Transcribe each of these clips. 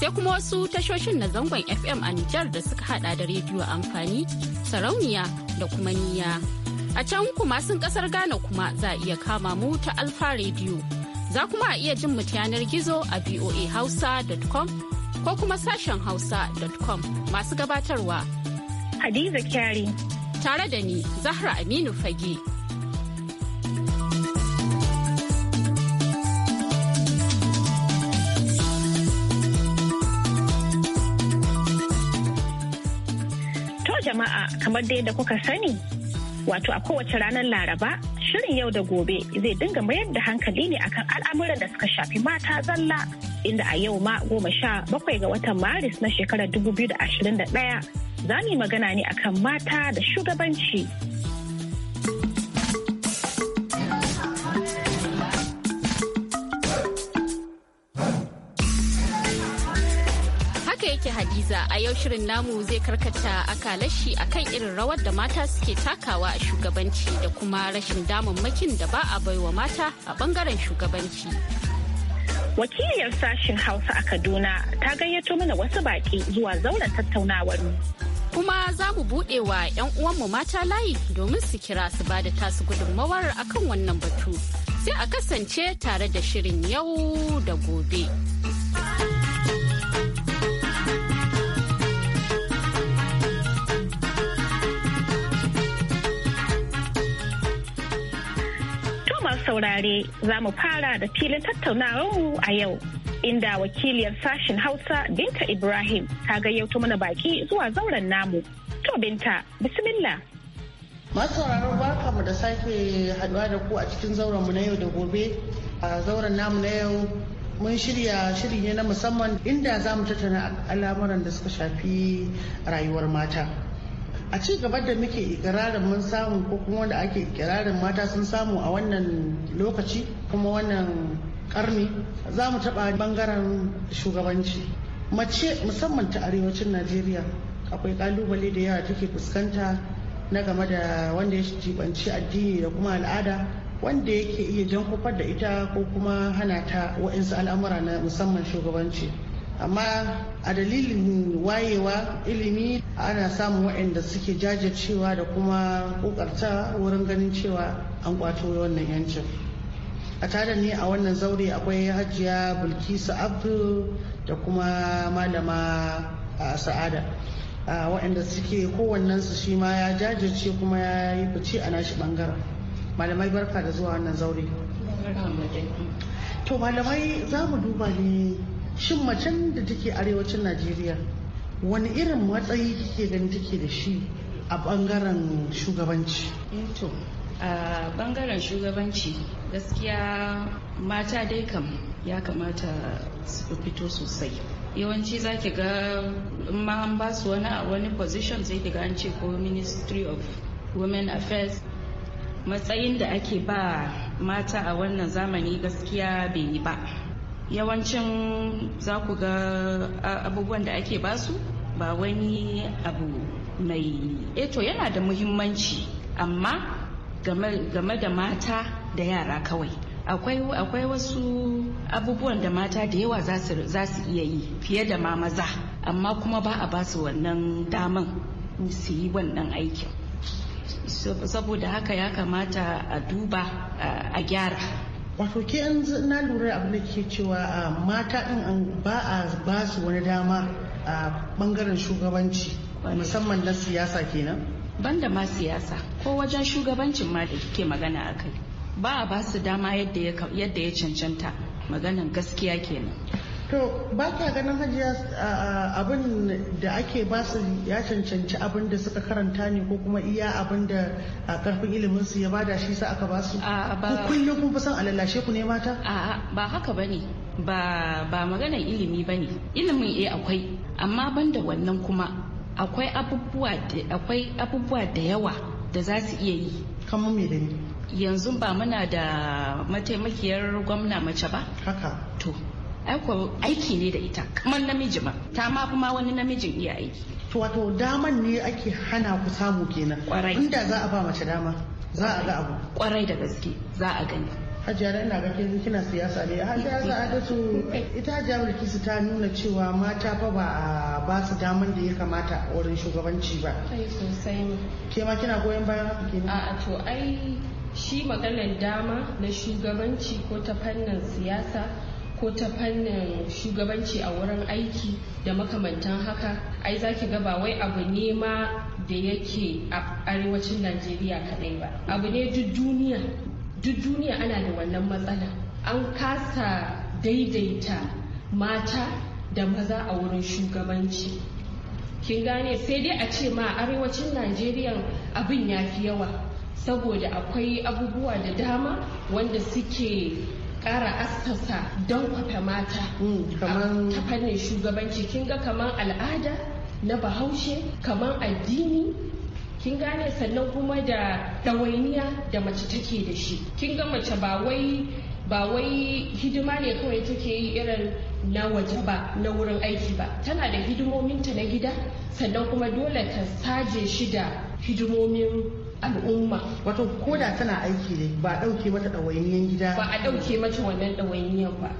sai kuma wasu tashoshin na zangon fm a nijar da suka hada da rediyo amfani sarauniya da kuma niya a can kuma sun kasar ghana kuma za a iya kama mu ta alfa rediyo za kuma a iya jin mu yanar gizo a voahausa.com ko kuma sashen hausa.com masu gabatarwa hadiza kyari tare da ni zahra aminu fage jama'a kamar da kuka sani wato a kowace ranar laraba shirin yau da gobe zai dinga mayar da hankali ne akan al'amuran da suka shafi mata zalla inda a yau ma goma sha bakwai ga watan maris na shekarar dubu biyu 2021 za mu yi magana ne akan mata da shugabanci yau shirin namu zai karkata akalashi akan irin rawar da mata suke takawa a shugabanci da kuma rashin damammakin da ba a baiwa mata a bangaren shugabanci. Wakiliyar sashen Hausa a Kaduna ta gayyato mana wasu baƙi zuwa zauren tattaunawar Kuma za mu buɗe wa 'yan uwanmu mata layi domin su kira su ba da tasu gudunmawar akan wannan batu. Sai a kasance tare da shirin yau da gobe. saurare za mu fara da filin tattaunawar mu a yau inda wakiliyar sashen hausa binta ibrahim ta gayyato mana baki zuwa zauren namu to binta bismillah masu barka mu da sake haduwa da ku a cikin zauren mu na yau da gobe a zauren namu na yau mun shirya shiri ne na musamman inda za mu tattauna al'amuran da suka shafi rayuwar mata a ci gaba da muke ikirarin mun samu ko kuma wanda ake ikirarin mata sun samu a wannan lokaci kuma wannan karni za mu taɓa bangaren shugabanci mace musamman ta arewacin najeriya akwai kalubale da yawa take fuskanta na game da wanda ya jibanci addini da kuma al'ada wanda yake iya jan kufar da ita ko kuma hana ta wa'insu al'amura na musamman shugabanci amma a dalilin wayewa ilimi ana samun waɗanda suke jajircewa da kuma ƙoƙarta wurin ganin cewa an kwato wannan yancin a tare ne a wannan zaure akwai hajiya bilkisu abdu da kuma malama sa'ada waɗanda suke kowannensu shi ma ya jajirce kuma ya yi fice a nashi bangaren malamai barka da zuwa wannan zaure to malamai za mu duba ne shin macen da take arewacin najeriya wani irin matsayi kike ganin take da shi a bangaren shugabanci eh to a bangaren shugabanci gaskiya mata dai kam ya kamata su fito sosai yawanci za ki ga ma an ba su wani a wani position sai ki ga an ce ko ministry of women affairs matsayin da ake ba mata a wannan zamani gaskiya bai yi ba yawancin za ku ga abubuwan da ake basu ba wani abu mai eto eh yana da muhimmanci amma game da mata da yara kawai akwai wasu abubuwan da mata da yawa za su iya yi fiye da ma maza amma kuma ba a basu wannan daman su yi wannan aikin saboda haka ya kamata a duba a gyara wato ke an na lura abin da ke cewa mata din ba a ba su wani dama a bangaren shugabanci musamman na siyasa kenan banda ma siyasa ko wajen shugabancin ma da kike magana a kai ba a ba su dama yadda ya cancanta maganan gaskiya kenan To ba kya ganin hajiya abin da ake basu ya cancanci abin da suka karanta ne ko kuma iya abin da karfin ilimin su ya bada shi sa aka basu? Ku kullum kun fi son alalashe ku ne mata? A'a ba haka bane ba ba maganar ilimi bane ilimin eh akwai amma banda wannan kuma akwai abubuwa da yawa da za su iya yi. Kamar me da ni? Yanzu ba muna da mataimakiyar gwamna mace ba? Haka. To aiko aiki ne da ita kamar namiji ma ta ma kuma wani namijin iya aiki to wato daman ne ake hana ku samu kenan kwarai inda za a ba mace dama za a ga abu kwarai da gaske za a gani hajiyar ina ga ke kina siyasa ne hajiyar za a ga su ita hajiyar bilkisu ta nuna cewa mata fa ba a ba su daman da ya kamata a wurin shugabanci ba kai sosai ke ma kina goyon bayan haka kenan a'a to ai shi maganar dama na shugabanci ko ta fannin siyasa ko ta fannin shugabanci a wurin aiki da makamantan haka ai za ki ga ba wai abu ne ma da yake a arewacin najeriya kadai ba abu ne duk duniya duk duniya ana da wannan matsala an kasa daidaita mata da maza a wurin shugabanci kin gane sai dai a ce ma arewacin najeriya abin ya fi yawa saboda akwai abubuwa da dama wanda suke kara assasa don kwata mata mm, ta fannin shugabanci kin ga kamar al'ada na bahaushe kamar addini kin gane sannan kuma da ɗawainiya da mace take da shi kin ga mace ba wai ba wai hidima ne kawai take yi irin na waje ba na wurin aiki ba tana da hidimominta na gida sannan kuma dole ta saje shi da hidimomin al'umma wato koda tana aiki ne ba a dauke mata ɗawainiyan gida ba a dauke mata wannan ɗawainiyan ba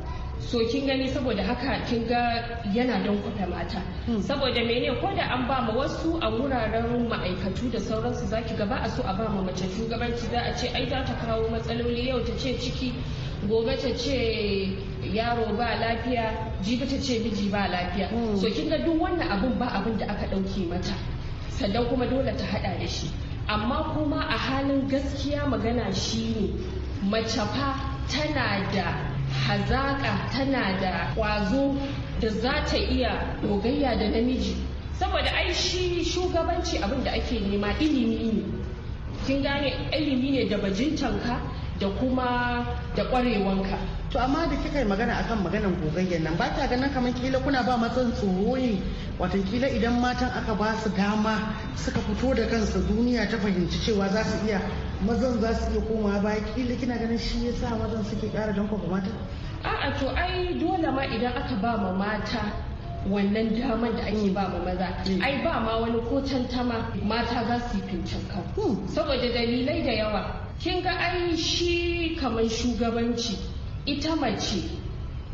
so kin gani saboda haka kin ga yana don kwata mata hmm. saboda mene ko da an ba ma wasu a wuraren ma'aikatu da sauransu zaki gaba a so a ba ma mace shugabanci za a ce ai za ta kawo matsaloli yau ta ce ciki gobe ta ce yaro ba lafiya jibi ta ce miji ba lafiya hmm. so kin ga duk wannan abun ba abun da aka ɗauke mata sannan kuma dole ta haɗa da shi amma kuma a halin gaskiya magana shi ne, fa tana da hazaƙa tana da ƙwazo da za ta iya dogayya da namiji saboda ai shi shugabanci abin da ake nema ilimi ne kin gane ilimi ne da bajintanka da kuma da kwarewanka to amma da kika yi magana akan maganan gogayyen nan ba ta ganin kamar kila kuna ba matsan tsoro ne kila idan matan aka ba su dama suka fito da kansu duniya ta fahimci cewa za su iya mazan za su iya komawa baya kila kina ganin shi ya sa mazan suke kara danko mata a'a to ai dole ma idan aka ba ma mata wannan damar da ake ba ma maza mm. ai ba ma wani ko tantama mata za su yi fincan kan hmm. saboda dalilai da yawa kin ga an shi kamar shugabanci ita mace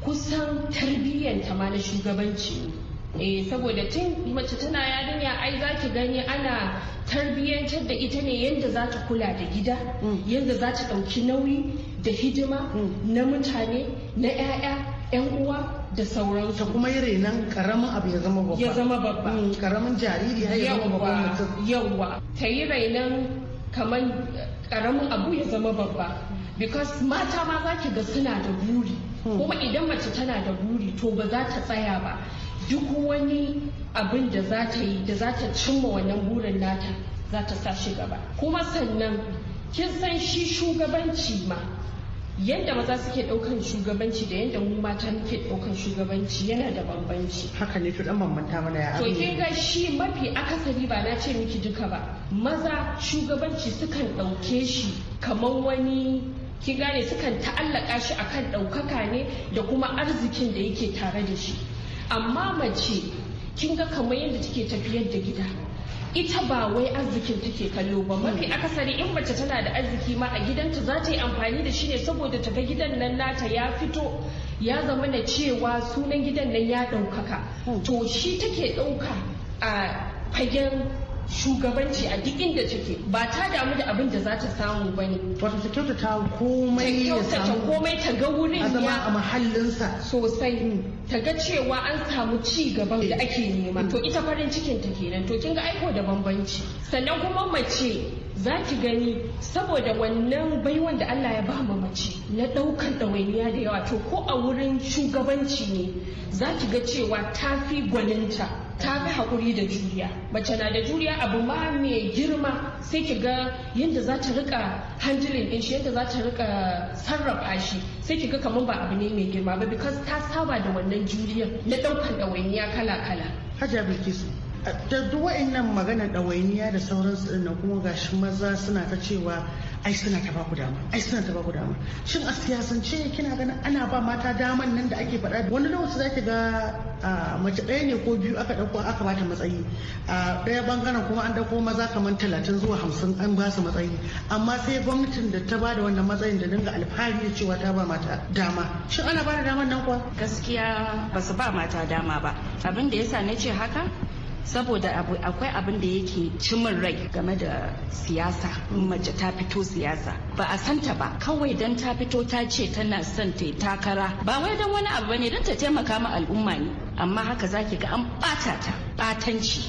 kusan tarbiyyanta ma na shugabanci eh saboda tun mace tana yarinya ai za ki gani ana tarbiyyantar da ita ne yadda za ta kula da gida mm. yadda za ta ɗauki nauyi da hidima mm. na mutane na 'ya'ya 'yan uwa da sauransu ta kuma yi nan karamin abu ya zama babba ya zama babba karamin mm, jariri ya zama babban mutum yawwa ta yi rainan kamar karamin abu ya zama babba because mata ma za ki ga suna da buri hmm. kuma idan mace tana da buri to ba za ta tsaya ba duk wani abin da za ta yi da za ta cimma wannan burin nata za ta sa shi gaba kuma sannan kin san shi shugabanci ma yadda maza suke daukan shugabanci da yadda mu mata muke daukan shugabanci yana da bambanci haka ne to dan bambanta mana ya to kin ga shi mafi akasari ba na ce miki duka ba maza shugabanci sukan dauke shi kamar wani ki gane sukan ta'allaka shi akan daukaka ne da kuma arzikin da yake tare da shi amma mace kin ga kamar yadda take tafiyar da gida ita ba wai arzikin take kallo ba mafi akasari in mace tana da arziki ma a gidanta za ta yi amfani da shi ne saboda ta ga gidan nan nata ya fito ya zama na cewa sunan gidan nan ya ɗaukaka hmm. to shi take ɗauka a fagen shugabanci a duk inda take ba ta damu da abin da za ta samu ba ne wato ta kyautata komai ya samu Ta komai ta ga wurin ya zama a mahallinsa sosai hmm. ta ga cewa an samu ci gaban da ake nema hmm. to ita farin cikin ta kenan to kin ga aiko da bambanci sannan kuma mace za ki gani saboda wannan baiwan da Allah ya ba ma mace na ɗaukar ɗawainiya da yawa to ko a wurin shugabanci ne za ki ga cewa ta fi gwaninta ta fi haƙuri da juriya mace na da juriya abu ma mai girma sai ki ga yadda za ta rika handling din shi yadda za ta rika sarrafa shi sai ki ga kamar ba abu ne mai girma ba because ta saba da wannan juriya na ɗaukan ɗawainiya kala kala hajja bilkisu da duk nan magana ɗawainiya da sauransu ɗin kuma gashi maza suna ta cewa ai suna ta baku dama ai suna ta baku dama shin a siyasance kina ganin ana ba mata daman nan da ake faɗa wani lokaci zaki ga mace ɗaya ne ko biyu aka ɗauko aka ba ta matsayi a ɗaya bangaren kuma an ɗauko maza kamar talatin zuwa hamsin an ba su matsayi amma sai gwamnatin da ta ba da wannan matsayin da dinga alfahari cewa ta ba mata dama shin ana ba da daman nan kuwa gaskiya ba su ba mata dama ba abin da yasa na ce haka saboda akwai abin da yake cimin rai game da siyasa mace ta fito siyasa ba a santa ba kawai don ta fito ta ce tana son ta takara ba wai dan wani abu bane don ta taimaka ma al'umma ne amma haka zaki ga an bata ta batanci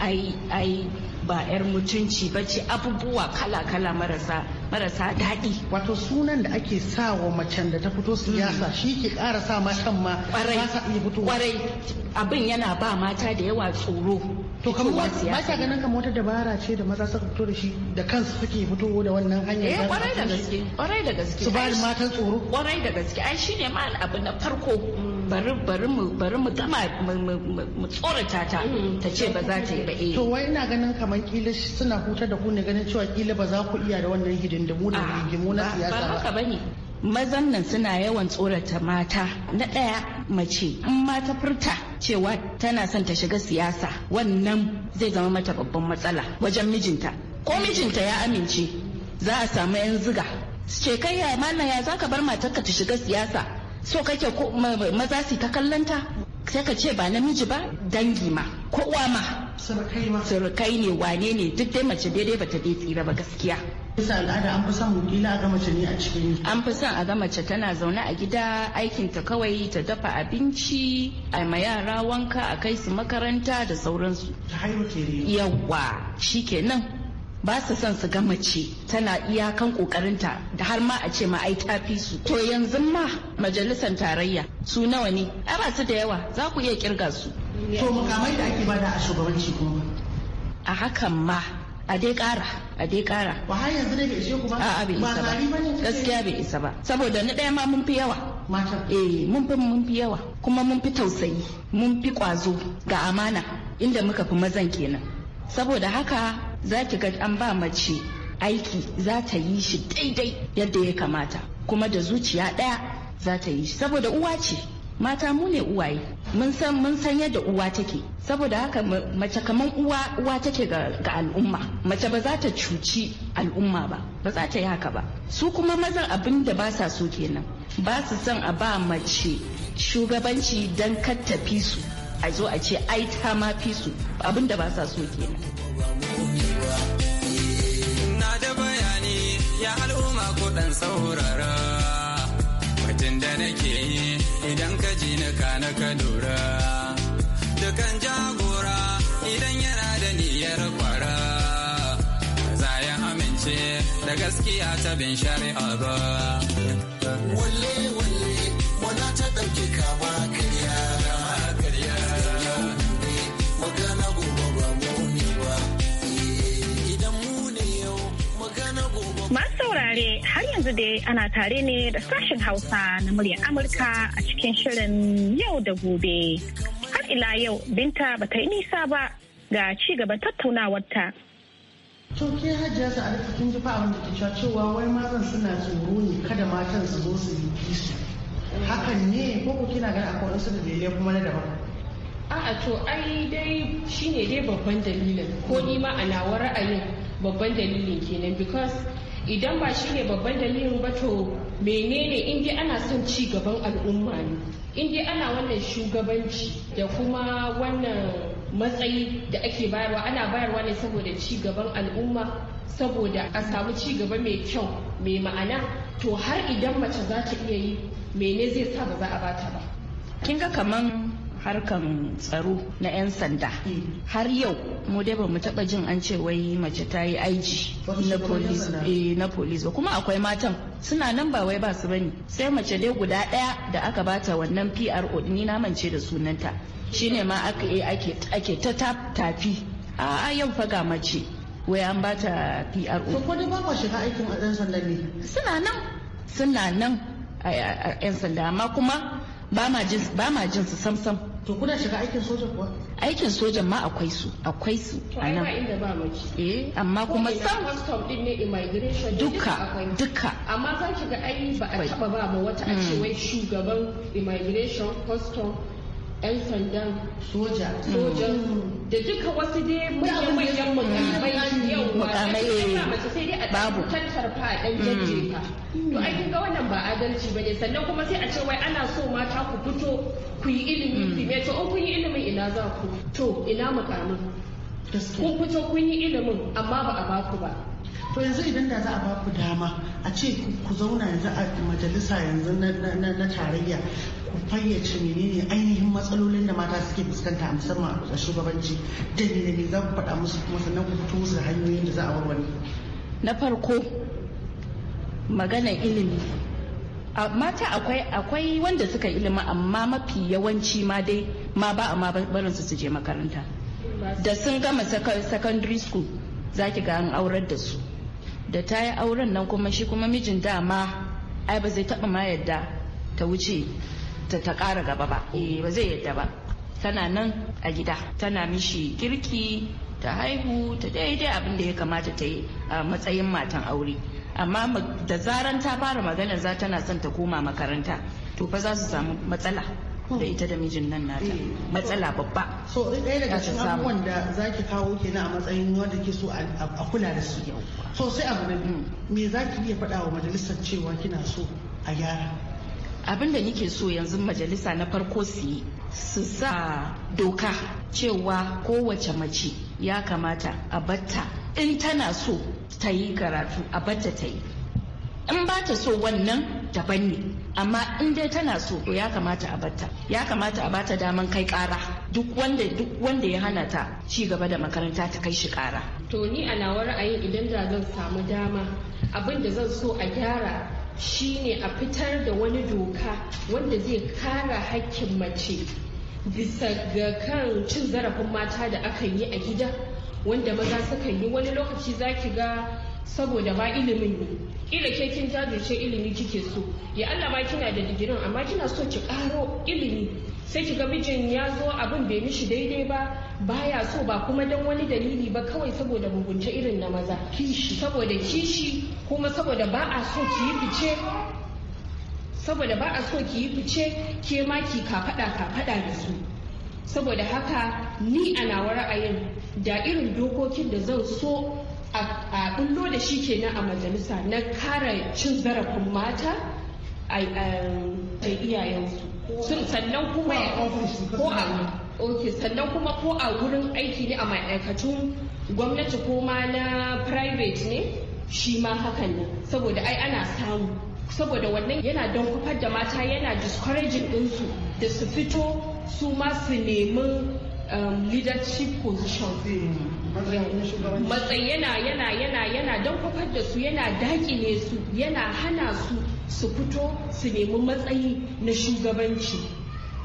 ai ai ba 'yar mutunci ba ce abubuwa kala-kala marasa marasa daɗi. Wato sunan da ake sa wa macen da ta fito mm. siyasa shi ke ƙara sa matan ma Kwarai abin yana ba mata da yawa tsoro. To kamar ba sa ganin kamar wata dabara ce da maza suka fito da shi da kansu suke fito da wannan hanyar. Eh kwarai da gaske ƙwarai da gaske. Su ba matan tsoro. Kwarai da gaske ai shine ma abu na farko bari bari mu bari mu gama mu tsorata ta mm. ta ce ba za ta yi ba eh to wai ina ganin kamar kila suna huta da ku ne ganin cewa kila ba za ku iya da wannan hidindimu da ah, rigimu na siyasa ba ba haka bane mazan nan suna yawan tsorata mata na ɗaya mace in mata furta cewa tana son ta shiga siyasa wannan zai zama mata babban matsala wajen mijinta ko mijinta ya amince za a samu 'yan ziga Shekaiya ce kai ya mana ya zaka bar matarka ta shiga siyasa so kake maza su ta kallanta sai ka ce ba namiji ba dangi ma ko uwa ma surukai ne wane ne duk dai mace daidai bata dai tsira ba gaskiya bisa al'ada an fi son a ga mace ne a cikin an fi son a ga mace tana zaune a gida aikinta kawai ta dafa abinci a ma yara wanka a kai su makaranta da sauransu ta haihu ke yawa ba su son su ga mace tana iyakan kokarinta da har ma a ce ma ai ta fi su to yanzu ma majalisar tarayya su nawa ne ai ba su da yawa za ku iya kirga su to mukamai da ake bada a shugabanci kuma a hakan ma a dai kara a dai kara ba har yanzu ne bai ishe ku ba a'a bai isa ba gaskiya bai isa ba saboda ni daya ma mun fi yawa mata eh mun fi mun fi yawa kuma mun fi tausayi mun fi kwazo ga amana inda muka fi mazan kenan saboda haka za ki ga an ba mace aiki za ta yi shi daidai yadda ya kamata kuma da zuciya ɗaya za ta yi shi saboda uwa ce mata mu ne uwaye mun san mun san yadda uwa take saboda haka mace kaman uwa uwa take ga, al'umma mace ba za ta cuci al'umma ba ba za ta yi haka ba su kuma mazan abin da ba sa so kenan ba su son a ba mace shugabanci don kattafi su a zo a ce ai ta ma fi su abin da ba sa so ke Na da bayani ya al'umma ko dan saurara mutum da nake yi idan ka ji na kana ka lura dukan jagora idan yana da niyyar kwara za ya amince da gaskiya ta bin shari'a ba. Walle walle, wana ta dauke ka tare har yanzu dai ana tare ne da sashen Hausa na muryar Amurka a cikin shirin yau da gobe. Har ila yau binta ba ta yi nisa ba ga ci gaban tattaunawarta. To ke hajiya sa a kin ji abin da ke cewa wai mazan suna tsoro ne kada matan su zo su yi su. Hakan ne ko ku kina ganin akwai wasu da daidai kuma na daban. A'a to ai dai shine dai babban dalilin ko ni ma a nawa ra'ayin babban dalilin kenan because idan ba shi ne babban dalilin ba to menene in ana son ci gaban al'umma ne in ana wannan shugabanci da kuma wannan matsayi da ake bayarwa ana bayarwa ne saboda ci gaban al'umma saboda a samu ci gaba mai kyau mai ma'ana to har idan mace za ta iya yi mene zai sa ba za a bata ba kin ga kaman harkan tsaro na 'yan sanda har yau mu dai mu taba jin an ce wai mace ta yi aiji eh, na police ba kuma akwai matan suna nan ba wai ba su bane sai mace dai guda daya da aka bata wannan PRO ni na mance da sunanta shine ma ake ta tafi a yau faga mace wai an bata PRO ko ba shiga aikin a dan sanda ne suna nan suna nan a 'yan sanda amma kuma ba ma jin su samsam to kuna shiga aikin soja kuwa aikin sojan ma akwai su akwai su a nan eh amma kuma sam custom din ne immigration duka duka amma zan shiga ai ba a taba ba ma wata a ce hmm. wai shugaban immigration custom 'yan sandan soja hmm. sojan da duka wasu dai manyan mukamai yawa mace sai dai a tattarfa a ɗan hmm. jajjefa to ai ga wannan ba adalci bane sannan kuma sai a ce wai ana so mata ku fito ku yi ilimi hmm. ku me to kun yi ilimin ina za ku to ina mukamin kun fito kun yi ilimin amma ba a baku ba to yanzu idan da za a ba ku dama a ce ku zauna yanzu a majalisa yanzu na tarayya ku fayyace menene ainihin matsalolin da mata suke fuskanta a musamman a shugabanci da ne za ku faɗa musu kuma sannan ku fito su hanyoyin da za a warware na farko magana ilimi mata akwai akwai wanda suka ilimi amma mafi yawanci ma dai ma ba a ma barin su je makaranta da sun gama secondary school za ki ga an aurar da su da ta yi auren nan kuma shi kuma mijin dama ai ba zai taba ma yadda ta wuce ta ta kara gaba ba eh ba zai yadda ba tana nan a gida tana mishi kirki ta haihu ta daidai abin da ya kamata ta yi a matsayin matan aure amma da zaran ta fara magana za tana son ta koma makaranta to fa za su samu matsala da ita da mijin nan nata eh, matsala babba so ɗaya daga cikin abubuwan da za ki kawo ke na a matsayin wanda ke so a kula da su so sai abu na biyu mm. me za ki iya faɗa wa majalisar cewa kina so a gyara abin da nike so yanzu majalisa na farko su yi su sa doka cewa kowace mace ya kamata a batta in tana so ta yi karatu a batta ta yi in ba ta so wannan daban ne amma in dai tana so to ya kamata a bata ya kamata a bata daman kai kara duk wanda duk wanda ya hana ta ci gaba da makaranta ta kai shi kara to ni a nawa ra'ayin idan da zan samu dama abin da zan so a gyara shine a fitar da wani doka wanda zai kara hakkin mace bisa ga kan cin zarafin mata da aka yi a gida wanda maza suka yi wani lokaci zaki ga saboda ba ilimin ne kila ke kin jajirce ilimi kike so ya Allah ba kina da digirin amma kina so ki karo ilimi sai ki ga mijin ya zo abin bai mishi daidai ba baya so ba kuma dan wani dalili ba kawai saboda mugunta irin na maza kishi saboda kishi kuma saboda ba a so ki yi fice saboda ba a so ki yi fice ke ma ki kafada kafada da su saboda haka ni a nawa ra'ayin da irin dokokin da zan so a bullo da shi kenan a majalisa na kare cin zarafin mata um, a iyayensu sannan kuma ko a sannan kuma ko a wurin aiki ne a ma'aikatun gwamnati ko ma na private ne shi ma hakan nan saboda ai ana samu saboda wannan yana don kufar da mata yana discouraging ɗinsu da su fito su ma su nemi Um, leadership position matsayi yana yana yana yana don kwafar da su yana dakile su yana hana su su fito su nemi matsayi na shugabanci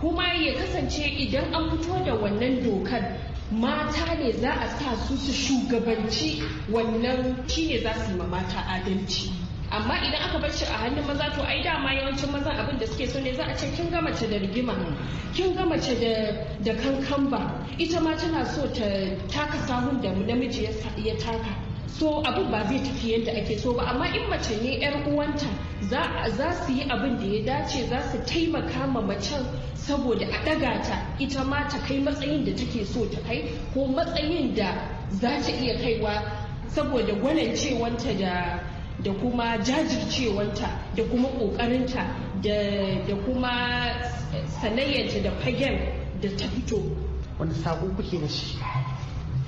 kuma ya kasance idan an fito da wannan dokar mata ne za a sa su su shugabanci wannan shine za su yi ma mata adalci amma idan aka bar shi a hannun maza to ai dama yawancin maza abin da suke so ne za a ce kin ga mace da rigima kin gama mace da kankamba ita ma tana so ta taka sahun da namiji ya taka so abin ba zai tafi yadda ake so ba amma in mace ne yar uwanta za su yi abin da ya dace za su taimaka ma macen saboda a ɗaga ta ita ma ta kai matsayin da take so ta kai ko matsayin da za ta iya kaiwa saboda gwanin cewanta da da kuma jajircewanta da kuma ƙoƙarinta da kuma sanayyanta da fagen da ta fito wani saƙo kuke da shi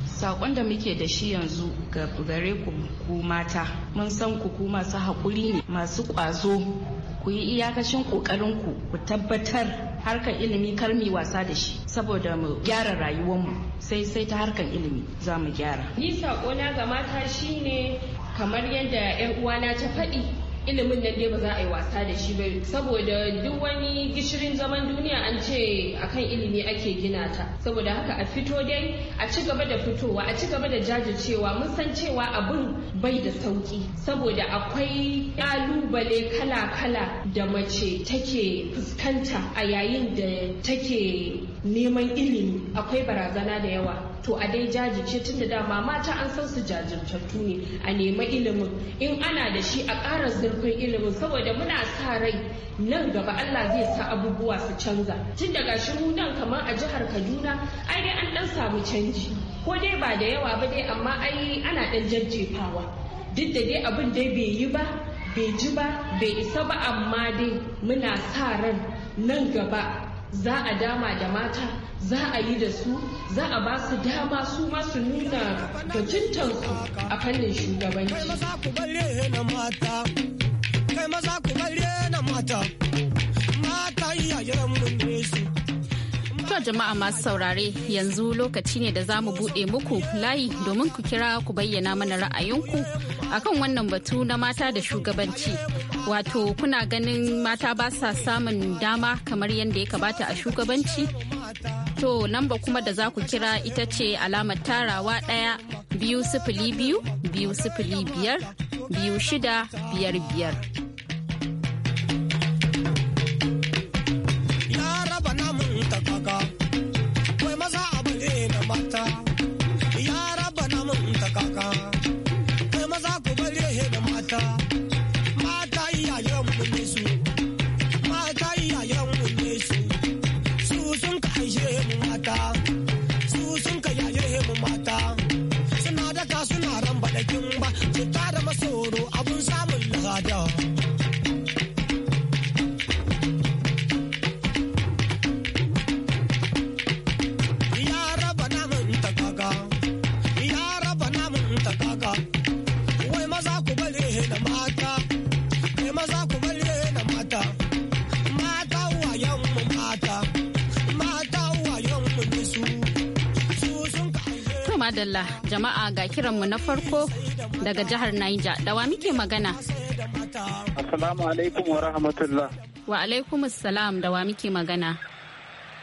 saƙon da muke da shi yanzu ga gare ku ku mata mun san ku ku masu haƙuri ne masu ƙwazo ku yi iyakacin ƙoƙarin ku ku tabbatar harkar ilimi kar wasa da shi saboda mu gyara mu, sai sai ta harkar ilimi za mu gyara ni saƙona ga mata shine kamar yadda 'yan uwana ta faɗi ilimin nan dai ba za a yi wasa da shi ba saboda duk wani gishirin zaman duniya an ce akan ilimi ake gina ta saboda haka a fito dai a ci gaba da fitowa a ci gaba da jajircewa mun san cewa abun bai da sauki saboda akwai kalubale kala-kala da mace take fuskanta a yayin da take neman ilimi akwai barazana da yawa to a dai jajirce tun da dama mata an san su jajirtattu ne a nema ilimin in ana da shi a ƙara zurfin ilimin saboda muna sa rai nan gaba Allah zai sa abubuwa su canza tun da gashi mu nan kamar a jihar Kaduna ai dai an dan samu canji ko dai ba da yawa ba dai amma ai ana dan jajjefawa duk da dai abin dai bai yi ba bai ji ba bai isa ba amma dai muna sa ran nan gaba za a dama da mata za a yi da su za a ba su dama su masu su nuna bajintansu a fannin shugabanci. Kai ku bare na mata, To jama'a masu saurare yanzu lokaci ne da za mu buɗe muku layi domin ku kira ku bayyana mana ra'ayinku akan wannan batu na mata da shugabanci wato kuna ganin mata ba sa samun dama kamar yadda ya kamata a shugabanci to lamba kuma da za ku kira ita ce alamar tarawa ɗaya biyu sifili biyu biyu sifili biyar biyu shida biyar biyar jama'a ga kiranmu na farko daga jihar Niger. Da wa muke magana? Assalamu alaikum wa rahmatullah. Wa alaikum salam da wa muke magana?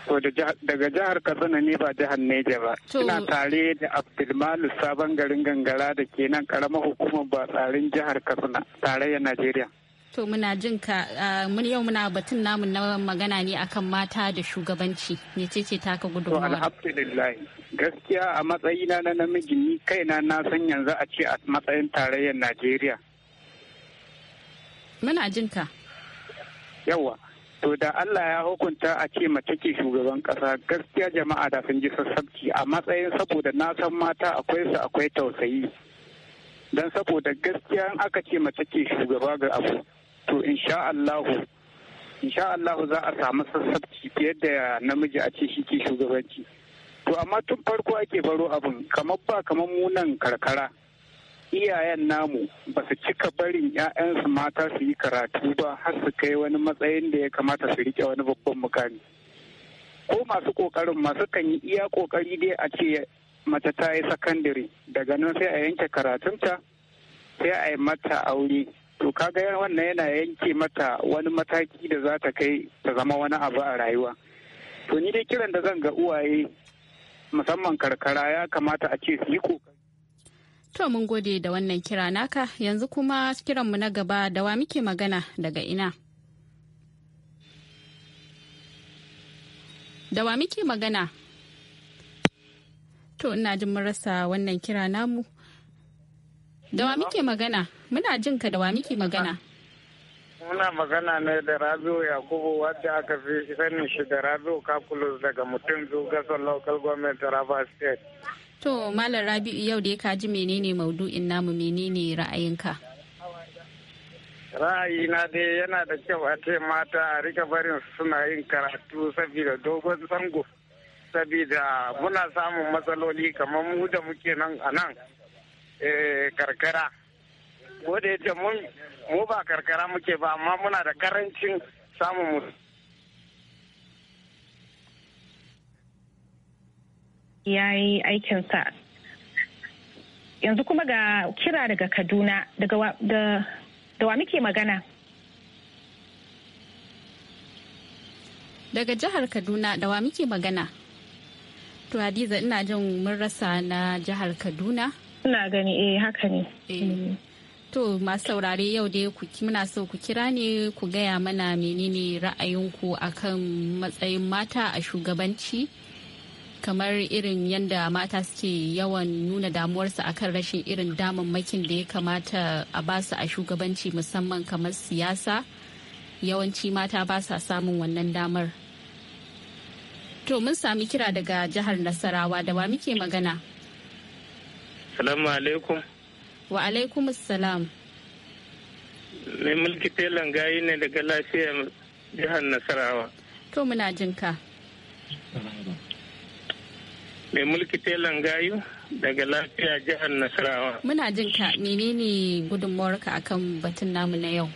To daga jihar Katsina ne ba jihar Niger ba. Ina tare da Abdulmalu sabon garin gangara da ke nan karamar hukumar ba tsarin jihar Katsina da Najeriya. To muna jin ka mun yau muna batun namun na magana ne akan mata da shugabanci mecece taka gudunmawa. To alhamdulillah gaskiya a matsayina na namiji ni kaina na san yanzu a ce a matsayin tarayyar Najeriya. Muna jin ka. Yawa to da Allah ya hukunta a ce mace ke shugaban kasa gaskiya jama'a da sun ji sassabci a matsayin saboda na san mata akwai su akwai tausayi. Don saboda gaskiya aka ce mace ke shugaba ga abu to insha Allahu insha Allahu za a samu sassabci fiye da namiji a ce shi shugabanci to amma tun farko ake baro abin kamar ba kamar munan karkara iyayen namu ba su cika barin 'ya'yansu mata su yi karatu ba har su kai wani matsayin da ya kamata su rike wani babban mukami ko masu kokarin masu kan yi iya kokari dai a ce mace ta yi sakandare daga nan sai a yanke karatunta sai a yi mata aure to kaga wannan yana yanke mata wani mataki da za ta kai ta zama wani abu a rayuwa to ni dai kiran da zan ga uwaye musamman karkara ya kamata a ce su yi kokari to mun gode da wannan kira naka yanzu kuma kiranmu na gaba da wa muke magana daga ina da wa muke magana to ina jin mun rasa wannan kira namu Da wa muke magana? Muna jin ka da wa muke magana? Muna magana ne da Rabiu Yakubu wadda aka fi sanin shi da Rabiu Kakulus daga mutum gasar Local Government raba State. To, Malam Rabiu yau da ya kaji menene maudu'in namu menene ra'ayinka? Ra'ayina dai yana da kyau a ce mata a rika barin suna yin karatu saboda dogon zango. Saboda muna samun matsaloli kamar mu da muke nan a nan. Eh, karkara wadda ya ce mu ba karkara muke ba amma muna da karancin samun mu ya yi aikinsa yanzu kuma ga kira daga kaduna daga da wa muke magana daga jihar kaduna da wa muke magana to hadiza ina jin mun rasa na jihar kaduna suna gani eh haka ne. Eh. To masu saurare yau dai muna so ku kira ne ku gaya mana menene ra'ayinku akan matsayin mata a shugabanci kamar irin yadda mata suke yawan nuna damuwarsu akan rashin irin damammakin da ya kamata a basu a shugabanci musamman kamar siyasa yawanci mata ba sa samun wannan damar. To mun sami kira daga jihar Nasarawa da wa muke magana? salamu alaikum wa alaikum salam mai mulki telan gayi ne daga lafiya jihar nasarawa to muna jinka mai mulki telan gayu daga lafiya jihar nasarawa muna jinka menene gudunmawarka akan batun namu na yau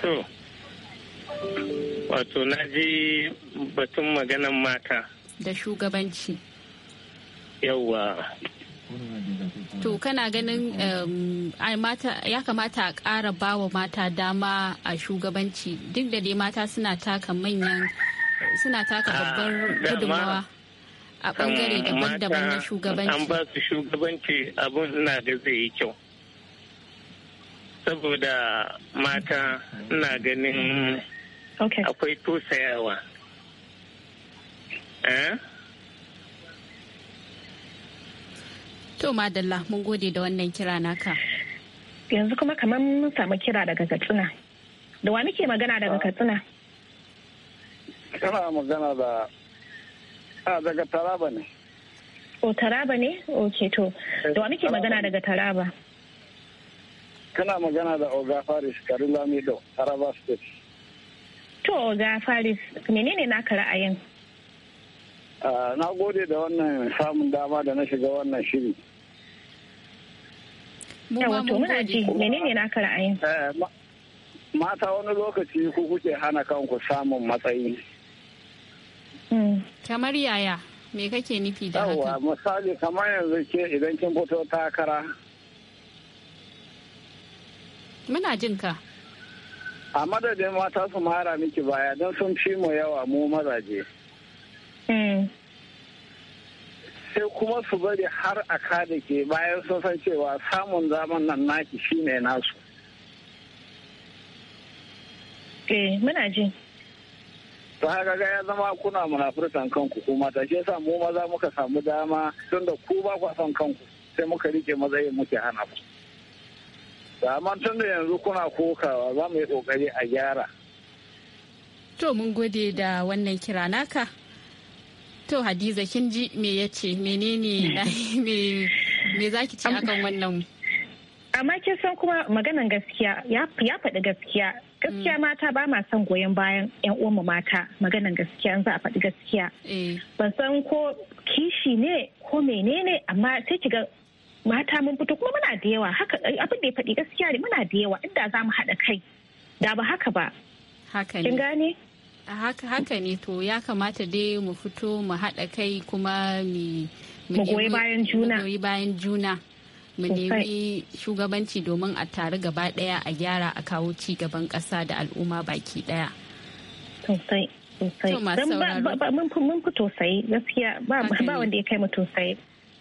to wato na ji batun maganan mata da shugabanci yauwa To kana ganin ya kamata a ƙara bawa mata dama a shugabanci duk da dai mata suna taka manyan suna taka ah, babbar gudunmawa a bangare daban-daban na shugabanci. An ba su shugabanci abun ina da zai yi kyau. Saboda mata ina ganin akwai tosayawa. Eh? To Madalla mun gode da wannan kira naka. Yanzu kuma kamar mun samu kira daga Katsina. Da wa muke magana daga Katsina? Kana magana da a daga Taraba ne. O Taraba ne? Ok to. Da wa muke magana daga Taraba? Kana magana da Oga Faris Karulamido, Taraba State. To Oga Faris, menene naka ra'ayin? na gode da wannan samun dama da na shiga wannan shiri. yawa to muna ji menene eh, mata wani lokaci ku kuke hana kanku samun matsayi hmm. kamar yaya me kake nufi da haka yawa misali kamar yanzu ke idan kin fito takara muna jin ka a madadin mata su mara miki baya don sun fi mu yawa mu mazaje hmm. sai kuma su bari har a kada ke bayan sun san cewa samun zaman nan naki shine nasu eh muna ji Ta haka ya zama kuna munafurtan kanku kuma ta shi mu maza muka samu dama tunda ku ba ku san kanku sai muka rike matsayin muke hana ku da tun tunda yanzu kuna kokawa za mu yi kokari a gyara to mun gode da wannan kira naka To Hadiza kin ji me ya ce menene me za ki ce akan wannan? Amma kin san kuma maganan gaskiya ya faɗi gaskiya. Gaskiya mm. mata ba ma son goyon bayan 'yan uwanmu mata maganan gaskiya za a faɗi gaskiya. Eh. Ban san ko kishi ne ko menene amma sai ki ga mata mun fito kuma muna da yawa haka eh, abin da ya faɗi gaskiya ne muna da yawa inda za mu haɗa kai da ba haka ba. ne. Kin gane? haka ne to ya kamata dai mu fito mu haɗa kai kuma mu goyi bayan juna mu nemi shugabanci domin a taru gaba ɗaya a gyara a kawo ci gaban ƙasa da al'umma baki ɗaya mun fi tosai gaskiya ba wanda ya kai mu tosai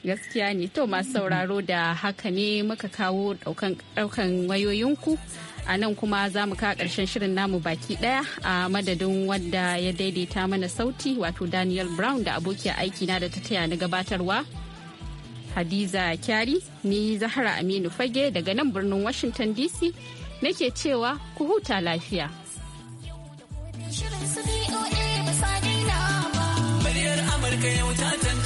gaskiya ne to masu sauraro da haka ne muka kawo ɗaukan wayoyinku a nan kuma za mu ka karshen shirin namu baki daya a madadin wadda ya daidaita mana sauti wato daniel brown da abokiyar aikina da ta taya na gabatarwa hadiza kyari ni zahara aminu fage daga nan birnin washington dc nake cewa ku huta lafiya Muryar Amurka yau ta